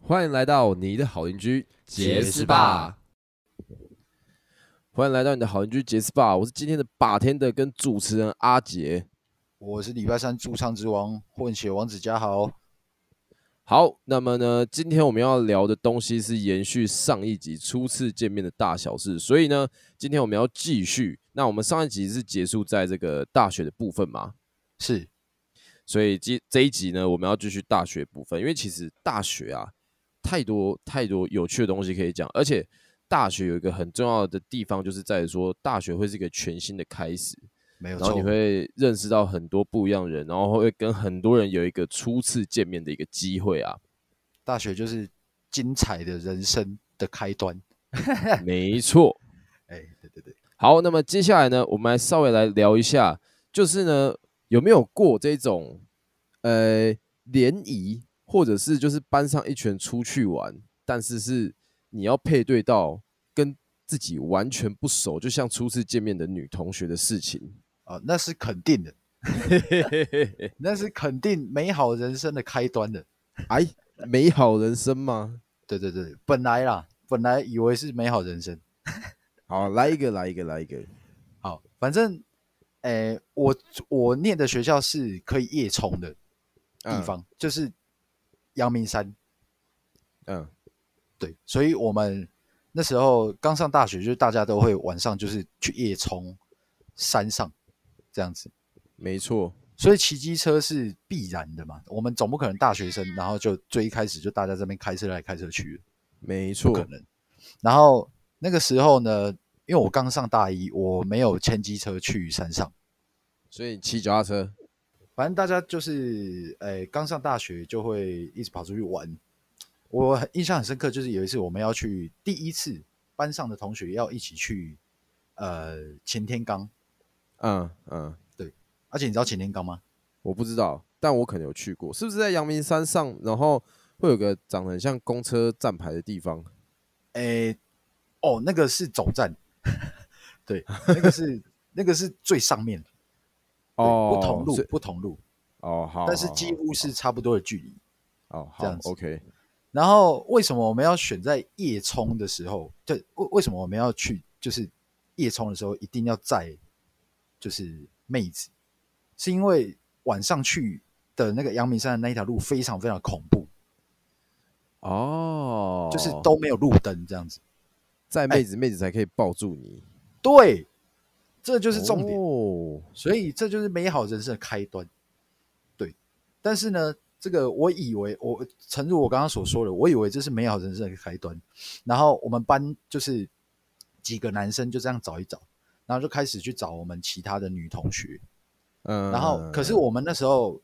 歡迎來到你的好鄰居杰斯霸！歡迎來到你的好鄰居杰斯霸！我是今天的霸天的跟主持人阿杰，我是禮拜三駐唱之王混血王子嘉豪。好，那麼呢，今天我們要聊的東西是延續上一集初次見面的大小事，所以呢，今天我們要繼續。那我們上一集是結束在這個大學的部分嘛？是，所以這這一集呢，我們要繼續大學部分，因為其實大學啊，太多太多有趣的東西可以講，而且大學有一個很重要的地方，就是在於說大學會是一個全新的開始。然後你會認識到很多不一樣的人，然後會跟很多人有一個初次見面的一個機會啊！大學就是精彩的人生的開端， 沒錯。哎、欸，對對對。好，那麼接下來呢，我們來稍微來聊一下，就是呢有沒有過這種呃聯誼，或者是就是班上一群出去玩，但是是你要配對到跟自己完全不熟，就像初次見面的女同學的事情。哦，那是肯定的， 那是肯定美好人生的開端的。哎，美好人生嗎？對對對，本來啦，本來以為是美好人生。好、啊，來一個，來一個，來一個。好、哦，反正，呃、我我念的學校是可以夜衝的地方、嗯，就是陽明山。嗯，對，所以我們那時候剛上大學，就大家都會晚上就是去夜衝山上。這樣子，沒錯。所以騎機車是必然的嘛。我們總不可能大學生，然後就最一開始就大家這邊開車來開車去。沒錯，可能。然後那個時候呢，因為我剛上大一，我沒有牽機車去山上，所以騎腳踏車。反正大家就是，哎，剛上大學就會一直跑出去玩。我印象很深刻，就是有一次我們要去第一次班上的同學要一起去，呃，前天剛。嗯嗯，對，而且你知道擎天崗嗎？我不知道，但我可能有去過，是不是在陽明山上，然後會有個長得很像公車站牌的地方？誒、欸，哦，那個是總站， 對，那個是 那個是最上面，哦，不同路，不同路，哦，好，但是幾乎是差不多的距離，哦好，這樣子，OK。然後為什麼我們要選在夜衝的時候？就為為什麼我們要去？就是夜衝的時候一定要在。就是妹子，是因為晚上去的那個陽明山的那一條路非常非常恐怖哦，就是都沒有路燈，這樣子，在妹子、欸、妹子才可以抱住你。對，這就是重點、哦，所以這就是美好人生的開端。對，但是呢，這個我以為我，誠如我剛剛所說的、嗯，我以為這是美好人生的開端。然後我們班就是幾個男生就這樣找一找。然後就開始去找我們其他的女同學，嗯，然後可是我們那時候，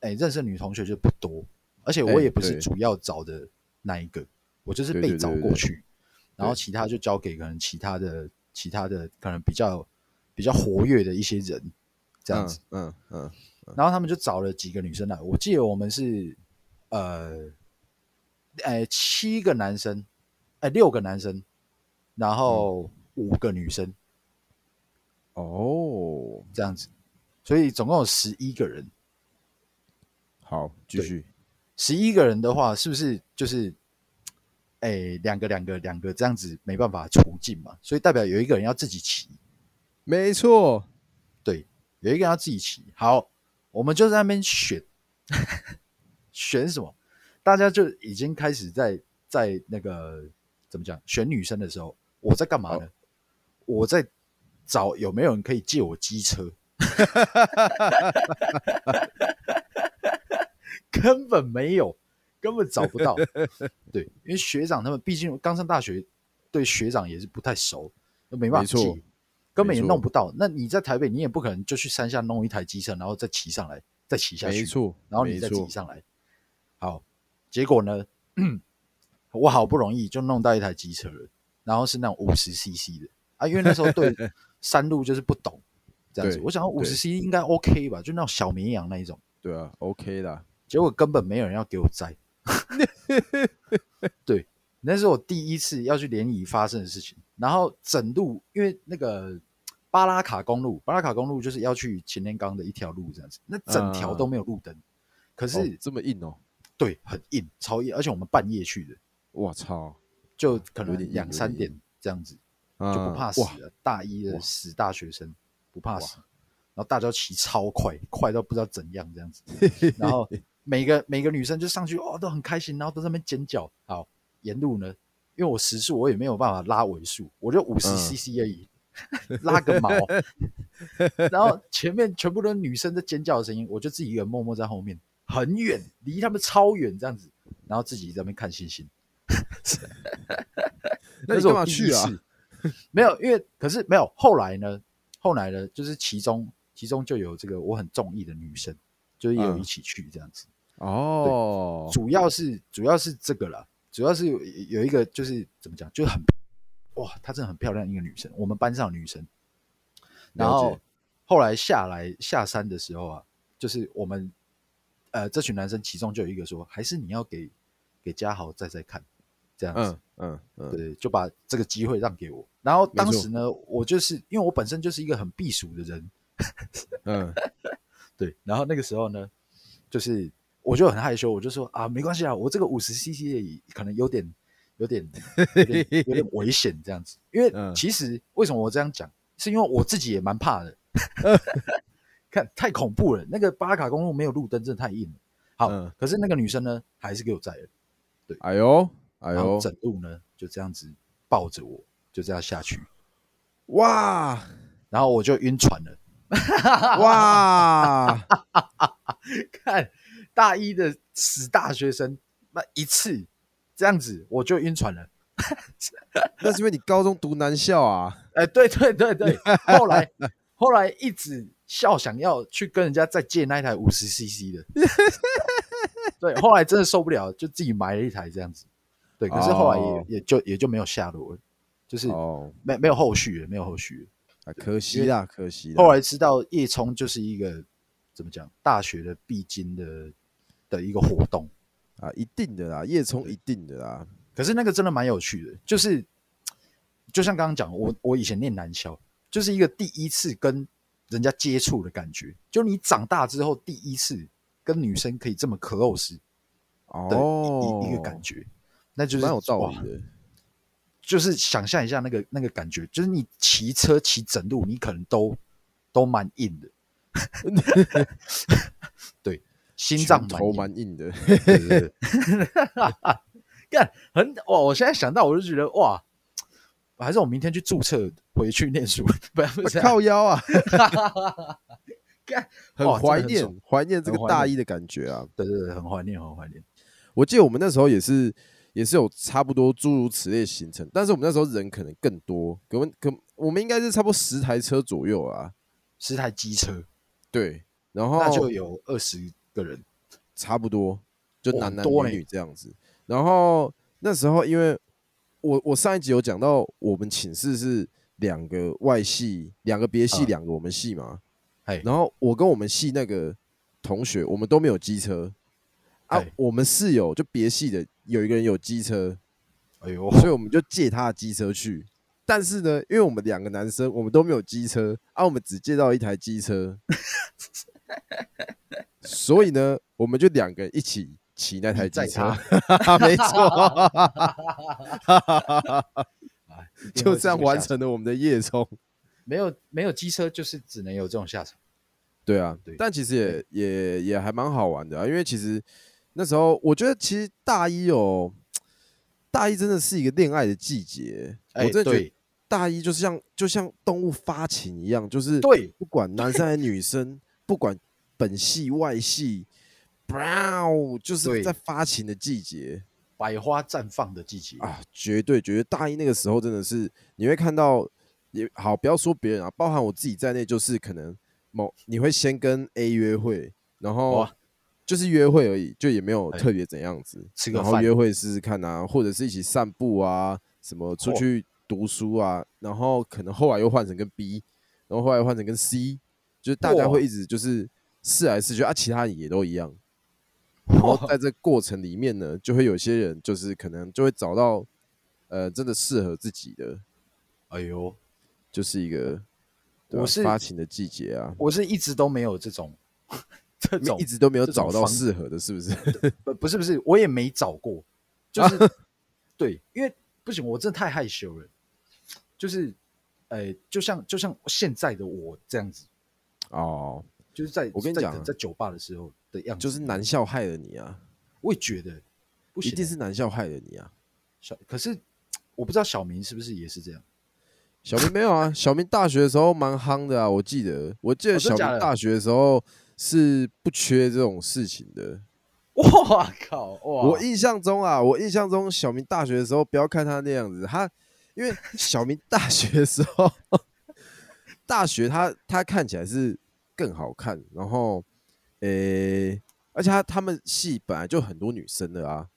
哎、欸，認識女同學就不多，而且我也不是主要找的那一個，欸、我就是被找過去對對對對，然後其他就交給可能其他的其他的可能比較比較活躍的一些人這樣子，嗯嗯，嗯，然後他們就找了幾個女生來，我記得我們是呃，哎、欸、七個男生，哎、欸、六個男生，然後五個女生。嗯哦、oh,，這樣子，所以總共有十一個人。好，繼續。十一個人的話，是不是就是，哎，兩個兩個兩個這樣子沒辦法除盡嘛？所以代表有一個人要自己騎。沒錯，對，有一個要自己騎。好，我們就在那邊選。 選什麼？大家就已經開始在在那個怎麼講選女生的時候，我在幹嘛呢？我在。找有沒有人可以借我機車？ 根本沒有，根本找不到。 對，因為學長他們畢竟剛上大學，對學長也是不太熟，沒辦法借，根本也弄不到。那你在台北，你也不可能就去山下弄一台機車，然後再騎上來，再騎下去，沒錯。然後你再騎上來，好。結果呢， 我好不容易就弄到一台機車了，然後是那種五十 CC 的啊，因為那時候對。 山路就是不陡，這樣子，我想五十 C 應該 OK 吧，就那種小綿羊那一種。對啊，OK 的。結果根本沒有人要給我摘。 對，那是我第一次要去聯誼發生的事情。然後整路，因為那個巴拉卡公路，巴拉卡公路就是要去擎天崗的一條路這樣子，那整條都沒有路燈、嗯，可是、哦、這麼硬哦，對，很硬，超硬，而且我們半夜去的，我操，就可能兩三點，點這樣子。就不怕死了，大一的死大學生不怕死，然後大家騎超快，快到不知道怎樣這樣子。然後每個每個女生就上去哦，都很開心，然後都在那邊尖叫。好，沿路呢，因為我時速我也沒有辦法拉尾數，我就五十 CC 而已、嗯，拉個毛。 然後前面全部都是女生在尖叫的聲音，我就自己一個人默默在後面，很遠，離他們超遠這樣子，然後自己在那邊看星星。 那你幹嘛去啊？ 沒有，因為可是沒有。後來呢？後來呢？就是其中其中就有這個我很中意的女生，就是有一起去這樣子、嗯、對哦。主要是主要是這個啦，主要是有有一個就是怎麼講，就很哇，她真的很漂亮一個女生，我們班上的女生。然後後來下來下山的時候啊，就是我們呃這群男生其中就有一個說，還是你要給給嘉豪再再看。這樣子，嗯嗯，嗯，對，就把這個機會讓給我。然後當時呢，我就是因為我本身就是一個很避暑的人，嗯， 對。然後那個時候呢，就是我就很害羞，我就說啊，沒關係啊，我這個五十 cc 而已可能有點有點有點， 有點危險這樣子。因為其實、嗯、為什麼我這樣講，是因為我自己也蠻怕的，嗯、 看太恐怖了。那個巴拉卡公路沒有路燈，真的太硬了。好、嗯，可是那個女生呢，還是給我載了。對，哎呦。然後整路呢，哎、就這樣子抱着我，就這樣下去，哇！然後我就暈船了，哇！ 看大一的死大學生，那一次這樣子我就暈船了。 那是因為你高中讀男校啊？哎、欸，對對對對。後來後來一直笑，想要去跟人家再借那一台五十 CC 的。 對，後來真的受不了，就自己買了一台這樣子。對，可是後來也、oh. 也就也就沒有下落了，就是、oh. 沒沒有後續了，沒有後續了，啊，可惜啦，可惜啦。後來知道夜衝，就是一個怎麼講，大學的必經的的一個活動啊，一定的啦，夜衝一定的啦。可是那個真的蠻有趣的，就是就像剛剛講，我我以前念男校、嗯，就是一個第一次跟人家接觸的感覺，就你長大之後第一次跟女生可以這麼 close 的，oh. 一一,一,一個感覺。那就是蠻有道理的，就是想象一下那個那個感覺，就是你騎車騎整路，你可能都都蠻硬的， 對，心臟頭蠻硬的。幹 對對， 很我我現在想到我就覺得哇，還是我明天去註冊回去念書，不 要靠腰啊。幹， 很懷念懷念這個大一的感覺啊！對對對，很懷念很懷念。我記得我們那時候也是。也是有差不多諸如此類的行程，但是我們那時候人可能更多，可我們可我們應該是差不多十台車左右啊，十台機車，對，然後那就有二十個人，差不多就男男女女這樣子。Oh, 然後那時候因為我我上一集有講到，我們寢室是兩個外系，兩個別系，兩、uh, 個我們系嘛，hey. 然後我跟我們系那個同學，我們都沒有機車、hey. 啊，我們室友就別系的。有一個人有機車，哎呦，所以我們就借他的機車去。哎、但是呢，因為我們兩個男生，我們都沒有機車啊，我們只借到一台機車， 所以呢，我們就兩個人一起騎那台機車， 沒錯錯、 啊，就這樣完成了我們的夜衝。沒有沒有機車，就是只能有這種下場。對啊，對，但其實也也也還蠻好玩的、啊，因為其實。那時候我覺得其實大一哦，大一真的是一個戀愛的季節。我真的覺得大一就像就像動物發情一樣，就是對，不管男生女生，不管本系外系，哇哦就是在發情的季節，百花綻放的季節啊，絕對絕對！大一那個時候真的是，你會看到也好，不要說別人啊，包含我自己在內，就是可能某你會先跟 A 約會，然後。就是約會而已，就也沒有特別怎樣子吃個飯，然後約會試試看啊，或者是一起散步啊，什麼出去讀書啊，哦、然後可能後來又換成跟 B，然後後來又換成跟 C，就是大家會一直就是試來試去、哦、啊，其他人也都一樣。哦、然後在這過程裡面呢，就會有些人就是可能就會找到，呃，真的適合自己的。哎呦，就是一個對、啊、我是發情的季節啊，我是一直都沒有這種。這種一直都沒有找到適合的，是不是？不，不是不是，我也沒找過，就是、啊、對，因為不行，我真的太害羞了，就是，哎、呃，就像就像現在的我這樣子，哦，就是在我跟你講在，在酒吧的時候的樣子，就是男校害了你啊，我也覺得，不一定是男校害了你啊，小可是我不知道小明是不是也是這樣，小明沒有啊， 小明大學的時候蠻夯的啊，我記得，我記得小明大學的時候。哦是不缺這種事情的。哇靠！哇，我印象中啊，我印象中小明大學的時候，不要看他那樣子。他因為小明大學的時候，大學他他看起來是更好看。然後，欸，而且他他們系本來就很多女生的啊。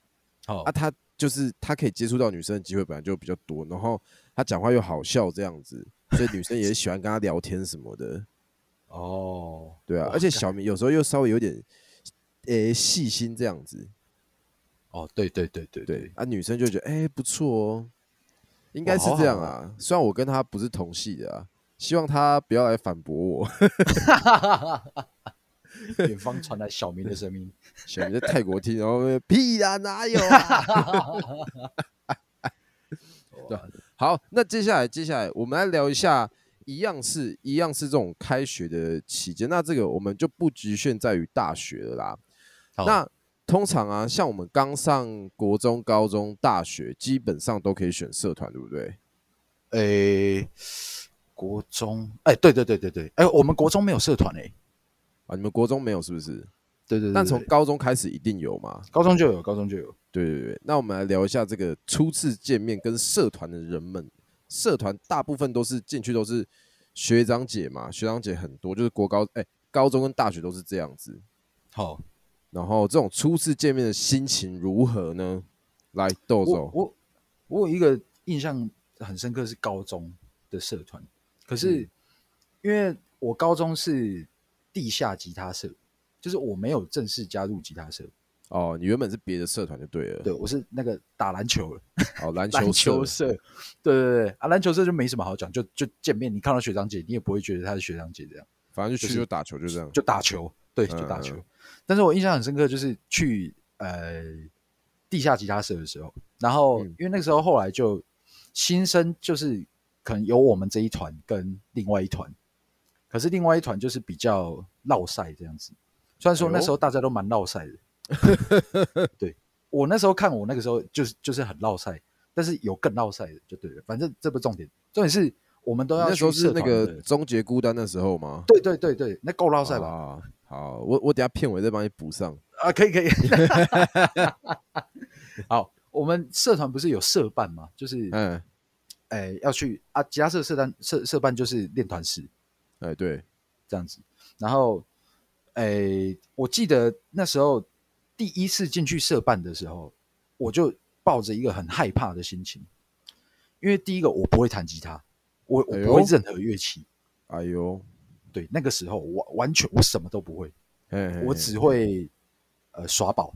啊，他就是他可以接觸到女生的機會本來就比較多。然後他講話又好笑這樣子，所以女生也喜歡跟他聊天什麼的。哦、oh，對啊，而且小明有時候又稍微有點，God. 誒細心這樣子。哦、oh，對對對對對，對啊，女生就覺得哎不錯哦，應該是這樣啊，好好啊。雖然我跟他不是同系的啊，希望他不要來反駁我。 遠方傳來小明的聲音， 小明在泰國聽，然後 屁啊哪有啊？ 啊啊 oh, wow. 對，好，那接下來接下來我們來聊一下。一樣是一樣是這種開學的期間，那這個我們就不局限在於大學了啦。那通常啊，像我們剛上國中、高中、大學，基本上都可以選社團，對不對？誒，國中，哎，對對對對對，哎，我們國中沒有社團哎，啊，你們國中沒有是不是？對對，但從高中開始一定有嘛？高中就有，高中就有。對對對，那我們來聊一下這個初次見面跟社團的人們。社團大部分都是進去都是學長姐嘛，學長姐很多，就是國高哎、欸，高中跟大學都是這樣子。好，Oh，然後這種初次見面的心情如何呢？來豆豆，我我，我有一個印象很深刻是高中的社團，可是因為我高中是地下吉他社，就是我沒有正式加入吉他社。哦，你原本是別的社團就對了。對，我是那個打籃球的。哦，籃球， 球社。對對對，啊，籃球社就沒什麼好講，就就見面，你看到學長姐，你也不會覺得她是學長姐這樣。反正就去就打球，就這樣。就，就打球，打球，對嗯嗯，就打球。但是我印象很深刻，就是去呃地下吉他社的時候，然後、嗯、因為那個時候後來就新生就是可能有我們這一團跟另外一團，可是另外一團就是比較烙賽這樣子。雖然說那時候大家都蠻烙賽的。哎 對，我那時候看，我那個時候就是就是很烙賽，但是有更烙賽的就對了，反正這不是重點，重點是我們都要去那時候是那個終結孤單的時候嗎？對對對，對那夠烙賽吧，啊？好，我我等下片尾再幫你補上啊，可以可以。 好，我們社團不是有社辦嗎？就是嗯，哎、欸，要去啊，其他社社團社社辦就是練團室，哎、欸、對，這樣子，然後哎、欸，我記得那時候。第一次進去社辦的時候，我就抱着一個很害怕的心情，因為第一個我不會彈吉他，我、哎、我不會任何樂器。哎呦，對，那個時候我完全我什麼都不會，嘿嘿嘿我只會嘿嘿呃耍寶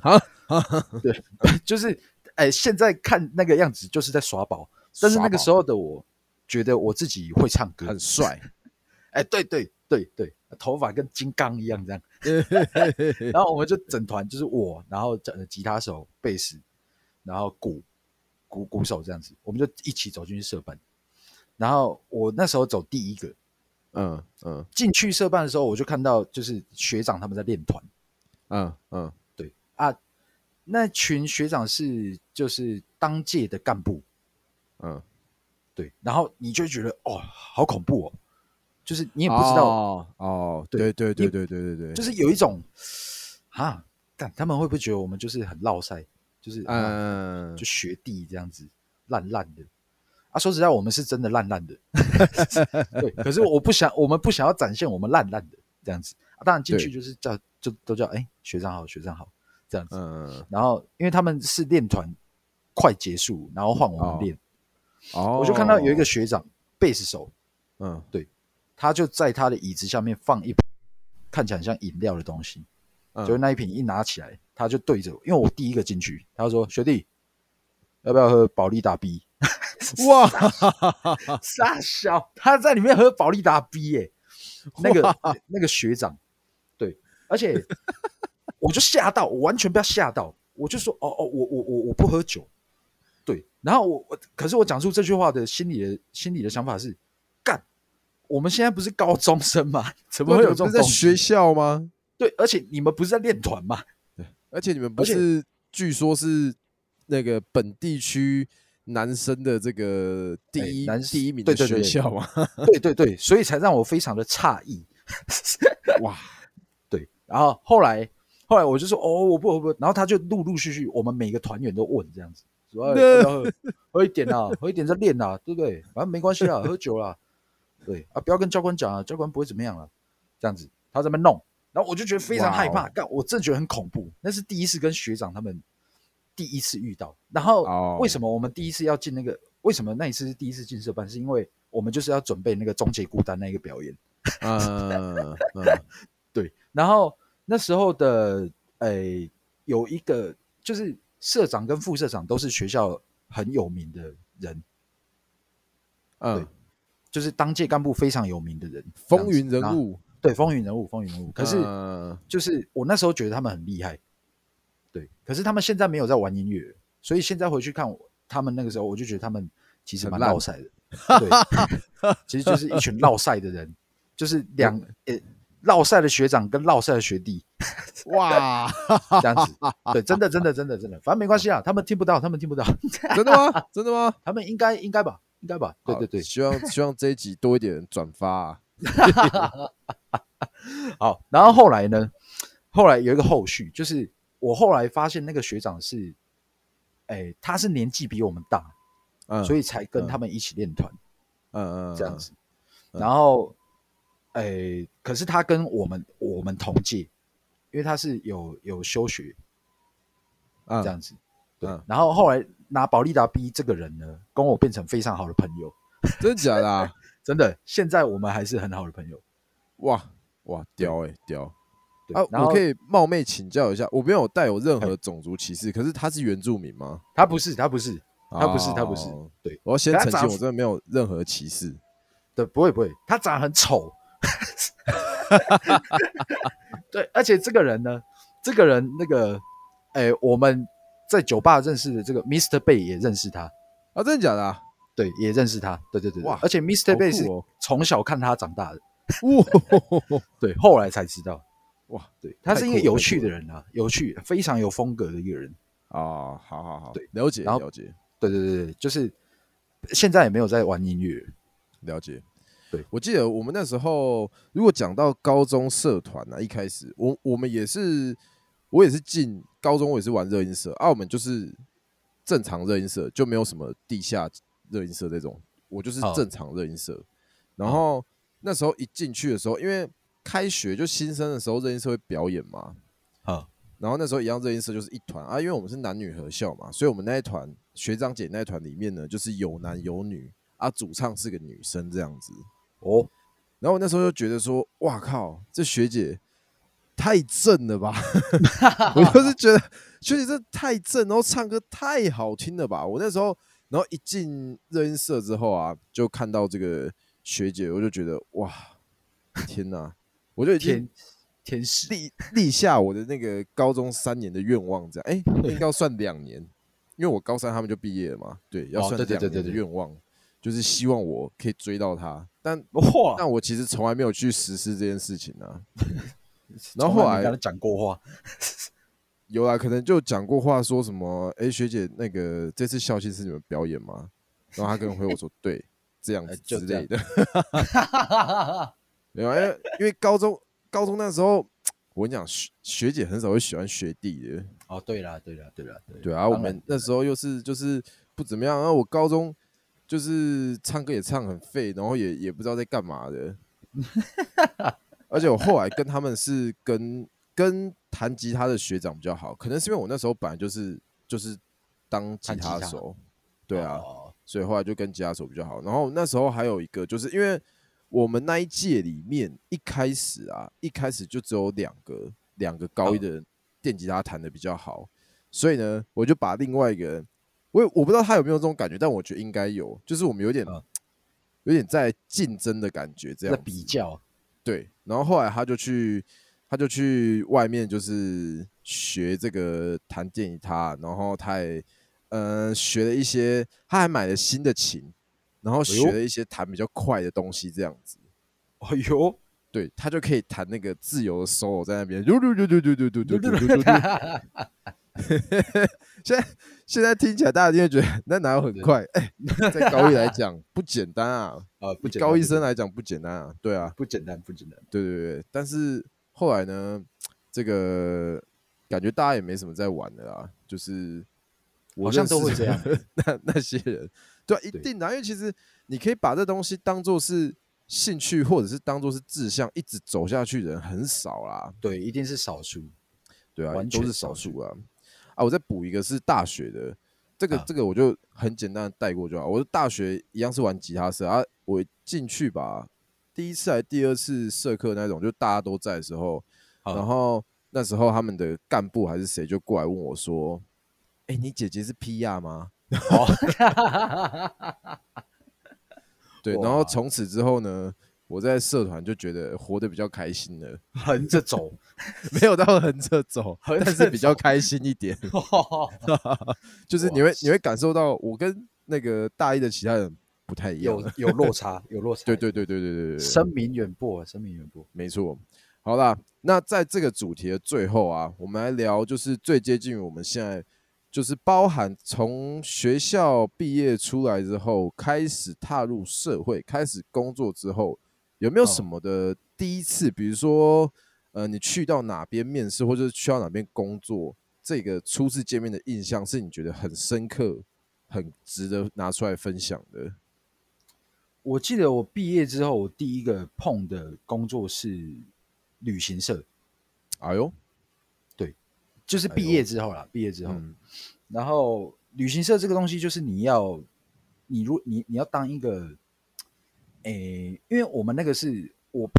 哈哈哈，對 就是哎，現在看那個樣子就是在耍寶，但是那個時候的我，我覺得我自己會唱歌很帥， 哎，對對對對，對，對。頭髮跟金剛一樣這樣 然後我們就整團，就是我，然後整吉他手、貝斯，然後鼓、鼓鼓手這樣子，我們就一起走進去社辦。然後我那時候走第一個，嗯嗯，進去社辦的時候，我就看到就是學長他們在練團，嗯嗯，對啊，那群學長是就是當屆的幹部，嗯，對，然後你就覺得哦，好恐怖哦。就是你也不知道哦、oh, oh，對對對對對對對，就是有一種啊，但他們會不會覺得我們就是很烙賽，就是嗯，嗯，就學弟這樣子爛爛的啊？說實在，我們是真的爛爛的， 對。可是我不想，我們不想要展現我們爛爛的這樣子啊。當然進去就是叫就都叫哎、欸、學長好學長好這樣子，嗯。然後因為他們是練團快結束，然後換我們練、嗯、哦，我就看到有一個學長貝斯、哦、手，嗯，對。他就在他的椅子下面放一瓶看起來像飲料的東西，就、嗯、那一瓶一拿起來，他就對着我，因為我第一個進去，他說：“學弟，要不要喝保力達 B？” 哇 傻小， 傻笑，他在裡面喝保力達 B 耶、欸，那個那個學長，對，而且我就嚇到，我完全不要嚇到，我就說：“哦哦，我我我我不喝酒。”對，然後我我可是我講出這句話的心裡的心裡的想法是。我們現在不是高中生嗎？怎麼會有這種在學校嗎？對，而且你們不是在練團嗎？對，而且你們不是據說是那個本地區男生的這個第一、欸、男，對對對第一名的學校嗎？對對對，所以才讓我非常的詫異。哇，對，然後後來後來我就說，哦，我不我不，然後他就陸陸續續，我們每個團員都問這樣子，主要，要喝喝一點吶， 喝一點再練吶，對不對？反正沒關係啦， 喝酒啦。對啊，不要跟教官講啊，教官不會怎麼樣了、啊。這樣子，他怎麼弄？然後我就覺得非常害怕，但、wow. 我真的覺得很恐怖。那是第一次跟學長他們第一次遇到。然後為什麼我們第一次要進那個？Oh. 為什麼那一次是第一次進社辦？是因為我們就是要準備那個終結孤單那個表演。嗯、uh, uh.， 對。然後那時候的誒、欸，有一個就是社長跟副社長都是學校很有名的人。嗯、uh.。就是當屆幹部非常有名的人，風雲人物，對，風雲人物，風雲人物。可是就是我那時候覺得他們很厲害，對。可是他們現在沒有在玩音樂，所以現在回去看我他們那個時候，我就覺得他們其實蠻烙賽的，對，其實就是一群烙賽的人，就是兩誒烙賽的學長跟烙賽的學弟，哇，這樣子，對，真的，真的，真的，真的，反正沒關係啊。他們聽不到，他們聽不到，真的嗎？真的嗎？他們應該應該吧。應該吧，對對對，希望希望這一集多一點人轉發啊。 好，然後後來呢？後來有一個後續，就是我後來發現那個學長是，哎、欸，他是年紀比我們大，嗯，所以才跟他們一起練團，嗯嗯，這樣子。嗯嗯，然後，哎、嗯欸，可是他跟我們我們同屆，因為他是有有休學、嗯，這樣子。對、啊，然後後來拿保力達 B 這個人呢，跟我變成非常好的朋友，真的假的、啊 哎哎？真的，現在我們還是很好的朋友。哇哇，屌哎屌！啊，我可以冒昧請教一下，我沒有帶有任何種族歧視、哎，可是他是原住民嗎？他不是，他不是，哦、他不是，他不是、哦。對，我要先澄清，我真的沒有任何歧視。對，不會不會，他長得很醜。哈哈哈哈哈！對，而且這個人呢，這個人那個，哎、欸，我們。在酒吧認識的這個 Mr. Bay 也認識他啊，真的假的、啊？對，也認識他，對對對，哇！而且 Mr. Bay 是我從小看他長大的，哇 對呵呵呵！對，後來才知道，哇！對，他是一個有趣的人啊，有趣，非常有風格的一個人啊、哦，好好好，對，了解，然後，了解，對對對對，就是現在也沒有在玩音樂，了解。對，我記得我們那時候如果講到高中社團啊，一開始我我們也是。我也是進高中，我也是玩熱音社，啊。我們就是正常熱音社，就沒有什麼地下熱音社這種。我就是正常熱音社。哦、然後那時候一進去的時候，因為開學就新生的時候熱音社會表演嘛。哦、然後那時候一樣熱音社就是一團啊，因為我們是男女合校嘛，所以我們那一團學長姐那一團裡面呢，就是有男有女啊，主唱是個女生這樣子。哦。然後那時候就覺得說，哇靠，這學姐。太正了吧！ 我就是覺得學姐這太正，然後唱歌太好聽了吧！我那時候，然後一進熱音社之後啊，就看到這個學姐，我就覺得哇，天哪！我就已經立立下我的那個高中三年的願望，這樣哎、欸，應該要算兩年，因為我高三他們就畢業了嘛。對，要算兩年的願望，就是希望我可以追到她。但哇，但我其實從來沒有去實施這件事情呢、啊。然後後來跟他講過話， 有啊，可能就講過話說什麼？哎，學姐，那個這次校慶是你們表演嗎？然後他可能回我說 對，這樣子之類的。 沒有、啊，因為因為高中高中那時候，我跟你講，學學姐很少會喜歡學弟的。哦，對啦，對啦，對啦，對。對啊，我們那時候又是就是不怎麼樣。然後啊我高中就是唱歌也唱很廢，然後也也不知道在幹嘛的。 而且我後來跟他們是跟跟彈吉他的學長比較好，可能是因為我那時候本來就是就是當吉他手，吉他對啊，哦，所以後來就跟吉他手比較好。然後那時候還有一個，就是因為我們那一屆裡面一開始啊，一開始就只有兩個兩個高一的人電吉他彈的比較好，嗯，所以呢，我就把另外一個人，我我不知道他有沒有這種感覺，但我覺得應該有，就是我們有點、嗯、有點在競爭的感覺，這樣、嗯、比較對。然後後來他就去，他就去外面就是學這個彈電吉他，然後他也嗯、呃、學了一些，他還買了新的琴，然後學了一些彈比較快的東西、哎、這樣子。哎呦，對，他就可以彈那個自由的 solo 在那邊。 現在現在聽起來大家就會覺得，那哪有很快？哎、欸，在高一來講 不簡單啊，呃、不簡單，高一生來講不簡單啊，對啊，不簡單不簡單，對對對。但是後來呢，這個感覺大家也沒什麼在玩的啦，就是好像都會這樣。 那那些人，對、啊，一定的、啊，因為其實你可以把這東西當做是興趣，或者是當做是志向，一直走下去的人很少啦。對，一定是少數。對啊，完全都是少數啊。啊、我再補一個是大學的，這個、啊、這個我就很簡單的帶過就好。我大學一樣是玩吉他社啊，我進去吧，第一次還第二次社課那種，就大家都在的時候，然後那時候他們的幹部還是誰就過來問我說：“哎、欸，你姐姐是 P 亞嗎？”哦、 對，然後從此之後呢，我在社團就覺得活得比較開心了，橫着走， 沒有到橫着走，走但是比較開心一點。 就是你會你會感受到我跟那個大一的其他人不太一樣，有有落差，有落差。 落差對對對對對對對，對，對，對聲名遠播啊，聲名遠播，聲名遠播，沒錯。好啦，那在這個主題的最後啊，我們來聊就是最接近於我們現在，就是包含從學校畢業出來之後，開始踏入社會，開始工作之後。有沒有什麼的第一次？哦，比如說，呃，你去到哪邊面試，或者是去到哪邊工作，這個初次見面的印象是你覺得很深刻，很值得拿出來分享的？我記得我畢業之後，我第一個碰的工作是旅行社。哎呦，對，就是畢業之後啦，哎，畢業之後，嗯、然後旅行社這個東西，就是你要，你如你你要當一個。誒、欸，因為我們那個是我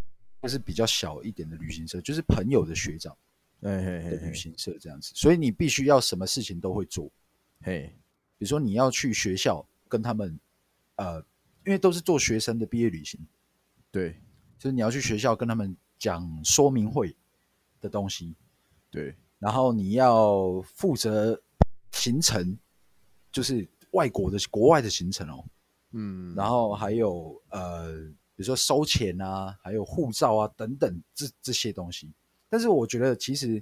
就是比較小一點的旅行社，就是朋友的學長，誒，嘿嘿，旅行社這樣子，hey, hey, hey, hey. 所以你必須要什麼事情都會做，嘿、hey.，比如說你要去學校跟他們，呃，因為都是做學生的畢業旅行，對，就是你要去學校跟他們講說明會的東西，對、hey.，然後你要負責行程，就是外國的國外的行程哦。嗯，然後還有呃，比如說收錢啊，還有護照啊等等這這些東西。但是我覺得其實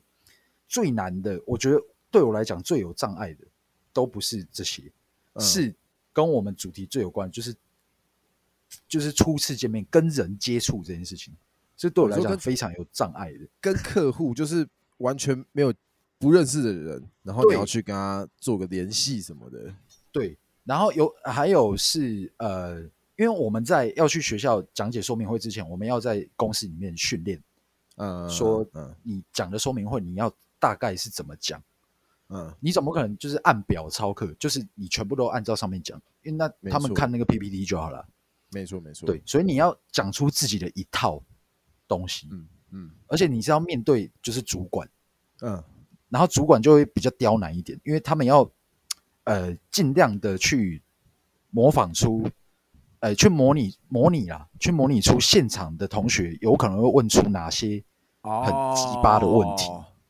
最難的，我覺得對我來講最有障礙的，都不是這些，嗯、是跟我們主題最有關，就是就是初次見面跟人接觸這件事情，是對我來講非常有障礙的跟。跟客戶就是完全沒有不認識的人， 然後你要去跟他做個聯繫什麼的，對。然後有還有是呃，因為我們在要去學校講解說明會之前，我們要在公司裡面訓練，呃，說嗯，你講的說明會你要大概是怎麼講，嗯，你怎麼可能就是按表操課，就是你全部都按照上面講，因為那他們看那個 PPT 就好了，沒錯沒錯，對，所以你要講出自己的一套東西，嗯嗯，而且你是要面對就是主管，嗯，然後主管就會比較刁難一點，因為他們要。呃，盡量的去模仿出，呃，去模擬模擬啊，去模擬出現場的同學有可能會問出哪些很奇葩的問題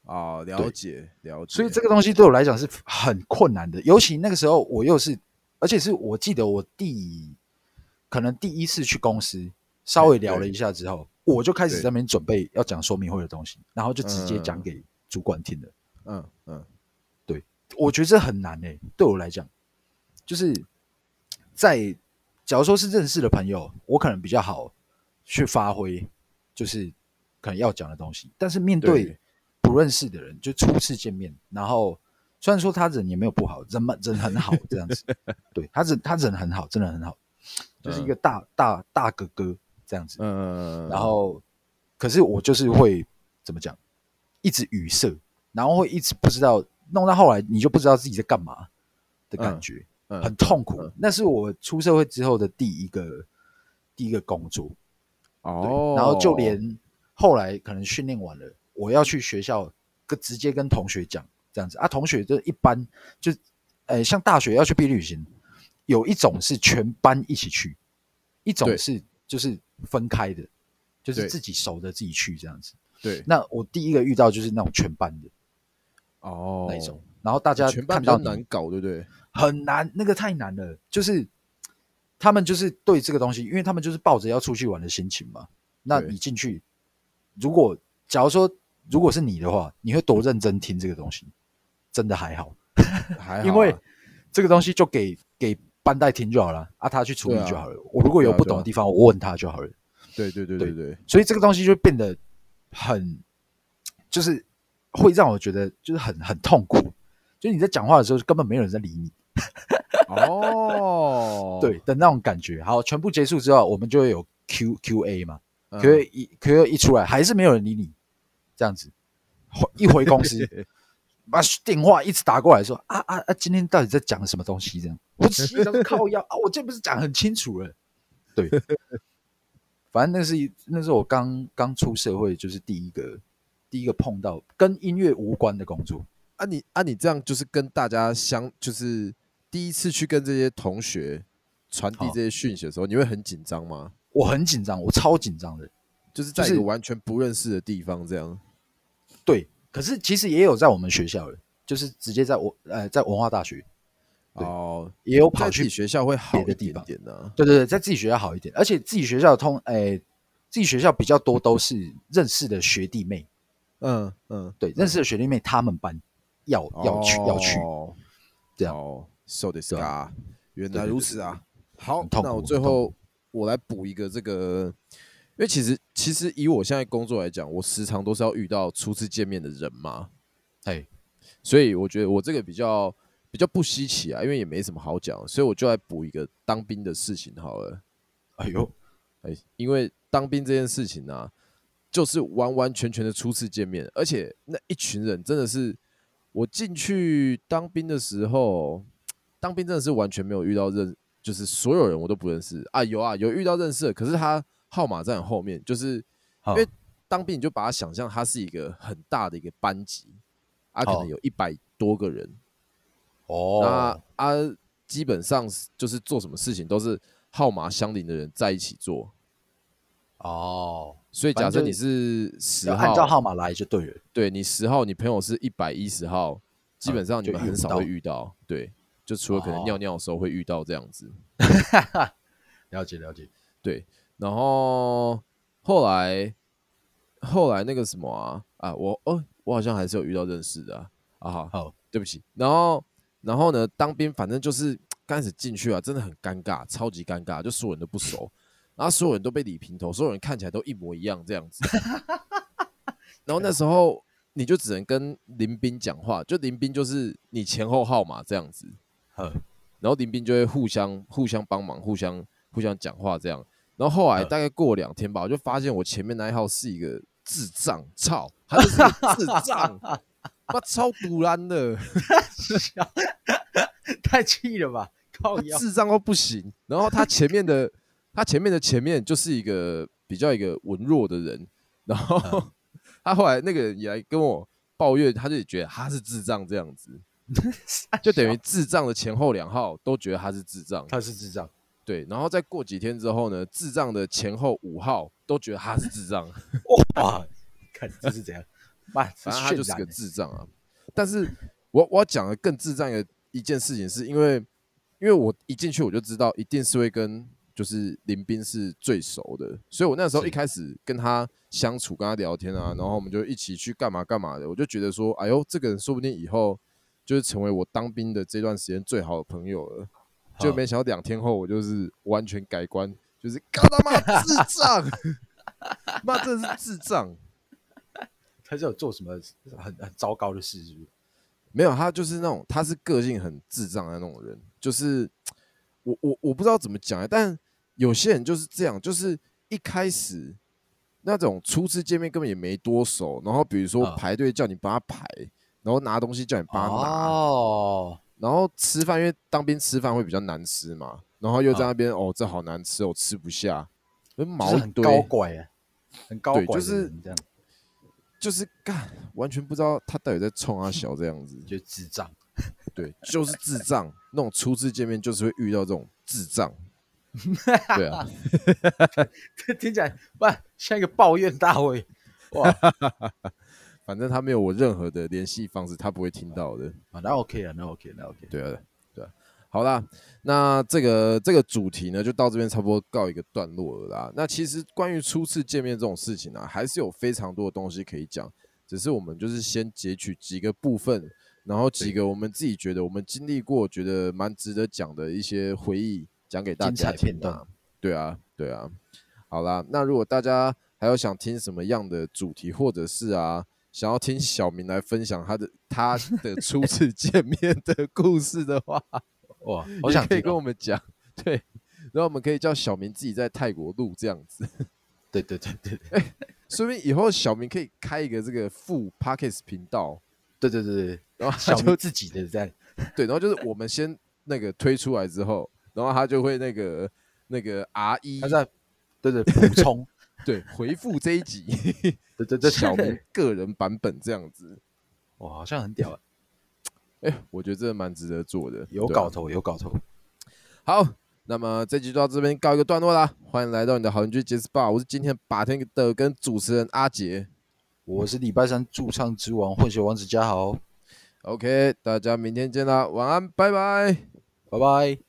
啊、oh, oh, oh,？了解了解，所以這個東西對我來講是很困難的，尤其那個時候我又是，而且是我記得我第可能第一次去公司，稍微聊了一下之後，我就開始在那邊準備要講說明會的東西，然後就直接講給主管聽了。嗯嗯。嗯我覺得這很難呢。欸，對我來講，就是在假如說是認識的朋友，我可能比較好去發揮，就是可能要講的東西。但是面對不認識的人，就初次見面，然後雖然說他人也沒有不好，人嘛，人很好這樣子， 對，他人他人很好，真的很好，就是一個大大大哥哥這樣子。嗯，然後可是我就是會怎麼講，一直語塞，然後會一直不知道。弄到後來，你就不知道自己在幹嘛的感覺。嗯嗯、很痛苦、嗯。那是我出社會之後的第一個、嗯、第一個工作哦對。然後就連後來可能訓練完了，我要去學校跟直接跟同學講這樣子啊。同學就一般就，呃，像大學要去畢業旅行，有一種是全班一起去，一種是就是分開的，就是自己熟的自己去這樣子。對，那我第一個遇到就是那種全班的。哦、oh,，那一種，然後大家看到全難搞，對不對？很難，那個太難了。就是他們就是對這個東西，因為他們就是抱着要出去玩的心情嘛。那你進去，如果假如說，如果是你的話，你會多認真聽這個東西，真的還好，還好、啊， 因為這個東西就給給班代聽就好了，啊，他去處理就好了、啊。我如果有不懂的地方，我問他就好了。對啊對,啊對對對對,對，所以這個東西就變得很就是。會讓我覺得就是很很痛苦，就是你在講話的時候根本沒有人在理你。哦、 oh，對的那種感覺，好，全部結束之後，我們就會有 Q Q A 嘛，uh -huh. 可一 QA 一出來還是沒有人理你，這樣子，一回公司 把電話一直打過來說，說啊啊啊，今天到底在講什麼東西？這樣， 我只講是靠腰，啊，我這不是講很清楚了？ 對，反正那是一那是我剛剛出社會就是第一個。第一個碰到跟音樂無關的工作啊你，你啊，你這樣就是跟大家相，就是第一次去跟這些同學傳遞這些訊息的時候，你會很緊張嗎？我很緊張，我超緊張的，就是在一個完全不認識的地方這樣。就是、對，可是其實也有在我們學校的，就是直接在我呃在文化大學哦、呃，也有跑去學校會好一點點、啊、的地方點的。對對對，在自己學校好一點，而且自己學校通誒、呃，自己學校比較多都是認識的學弟妹。嗯嗯，對，認識的學弟妹，他們班要要去、哦、要去，要去哦、這樣哦，so 的 s 啊，對對對對，原來如此啊，好，那我最後我來補一個這個，因為其實其實以我現在工作來講，我時常都是要遇到初次見面的人嘛，哎、欸，所以我覺得我這個比較比較不稀奇啊，因為也沒什麼好講，所以我就來補一個當兵的事情好了，哎呦，哎、欸，因為當兵這件事情呢、啊。就是完完全全的初次見面，而且那一群人真的是我進去當兵的時候，當兵真的是完全沒有遇到認，就是所有人我都不認識啊。有啊，有遇到認識的，可是他號碼在後面，就是因為當兵你就把他想象他是一個很大的一個班級，啊，可能有一百多個人，哦，oh，那啊，啊基本上是就是做什麼事情都是號碼相鄰的人在一起做。哦、oh，所以假設你是十號，按照號碼來就對了。對，你十號，你朋友是一百一十號，嗯，基本上你們很少會遇到，就遇不到。對，就除了可能尿尿的時候會遇到這樣子。哈、oh. 哈 了解了解，對。然後後來後來那個什麼啊啊，我哦，我好像還是有遇到認識的啊。好，啊，好，oh. 對不起。然後然後呢，當兵反正就是剛開始進去啊，真的很尷尬，超級尷尬，就所有人都不熟。 然後所有人都被理平頭，所有人看起來都一模一樣這樣子。 然後那時候你就只能跟林斌講話，就林斌就是你前後號碼這樣子。 然後林斌就會互相互相幫忙，互相互相講話這樣。然後後來大概過兩天吧， 我就發現我前面那一號是一個智障，操，他就是智障，他 超堵爛然的， 太氣了吧！靠，智障都不行。然後他前面的。 他前面的前面就是一個比較一個文弱的人，然後他後來那個人也來跟我抱怨，他就覺得他是智障這樣子， 就等於智障的前後兩號都覺得他是智障，他是智障，對。然後再過幾天之後呢，智障的前後五號都覺得他是智障， 哇， 看這是怎樣，反正他就是個智障啊。 但是我我要講的更智障的一件事情，是因為因為我一進去我就知道一定是會跟。就是林斌是最熟的，所以我那時候一開始跟他相處、跟他聊天啊，然後我們就一起去幹嘛幹嘛的，我就覺得說：“哎呦，這個人說不定以後就是成為我當兵的這段時間最好的朋友了。”就沒想到兩天後，我就是完全改觀，就是“靠他媽智障！媽，真是智障！他是有做什麼很很糟糕的事是不是？沒有，他就是那種他是個性很智障的那種人，就是我我我不知道怎麼講，但。有些人就是這樣，就是一開始那種初次見面根本也沒多熟，然後比如說排隊叫你幫他排，然後拿東西叫你幫他拿，哦、然後吃飯，因為當兵吃飯會比較難吃嘛，然後又在那邊哦，哦，這好難吃哦，我吃不下，就是毛就是、很高怪哎、啊，很高怪，就是就是幹，完全不知道他到底在衝阿小這樣子， 就智障，對，就是智障， 那種初次見面就是會遇到這種智障。 對啊， 聽起來不像一個抱怨大會 反正他沒有我任何的聯繫方式，他不會聽到的 啊。那 OK 啊，那 OK，那 OK, 那 OK。對啊，對啊，好啦，那這個這個主題呢，就到這邊差不多告一個段落了啦。那其實關於初次見面這種事情呢、啊，還是有非常多的東西可以講，只是我們就是先截取幾個部分，然後幾個我們自己覺得我們經歷過，覺得蠻值得講的一些回憶。講給大家聽的、啊、對啊，對啊。好啦，那如果大家還有想聽什麼樣的主題，或者是啊，想要聽小明來分享他的他的初次見面的故事的話，哇，好想喔、可以跟我們講。對，然後我們可以叫小明自己在泰國錄這樣子。對對對對，對。說、欸、順便以後小明可以開一個這個副 Podcast 頻道。 對，對對對對。然後他就小明自己的在。對，然後就是我們先那個推出來之後。然後他就會那個那個 R 一他在對對補充 對回覆這一集，的這這小明個人版本這樣子，哇，好像很屌啊、欸！哎、欸，我覺得這蠻值得做的，有搞頭、啊、有搞頭。好，那麼這集就到這邊告一個段落啦。歡迎來到你的好鄰居杰斯霸，我是今天把天的跟主持人阿杰，我是禮拜三駐唱之王混血王子嘉豪。 OK，大家明天見啦，晚安，拜拜，拜拜。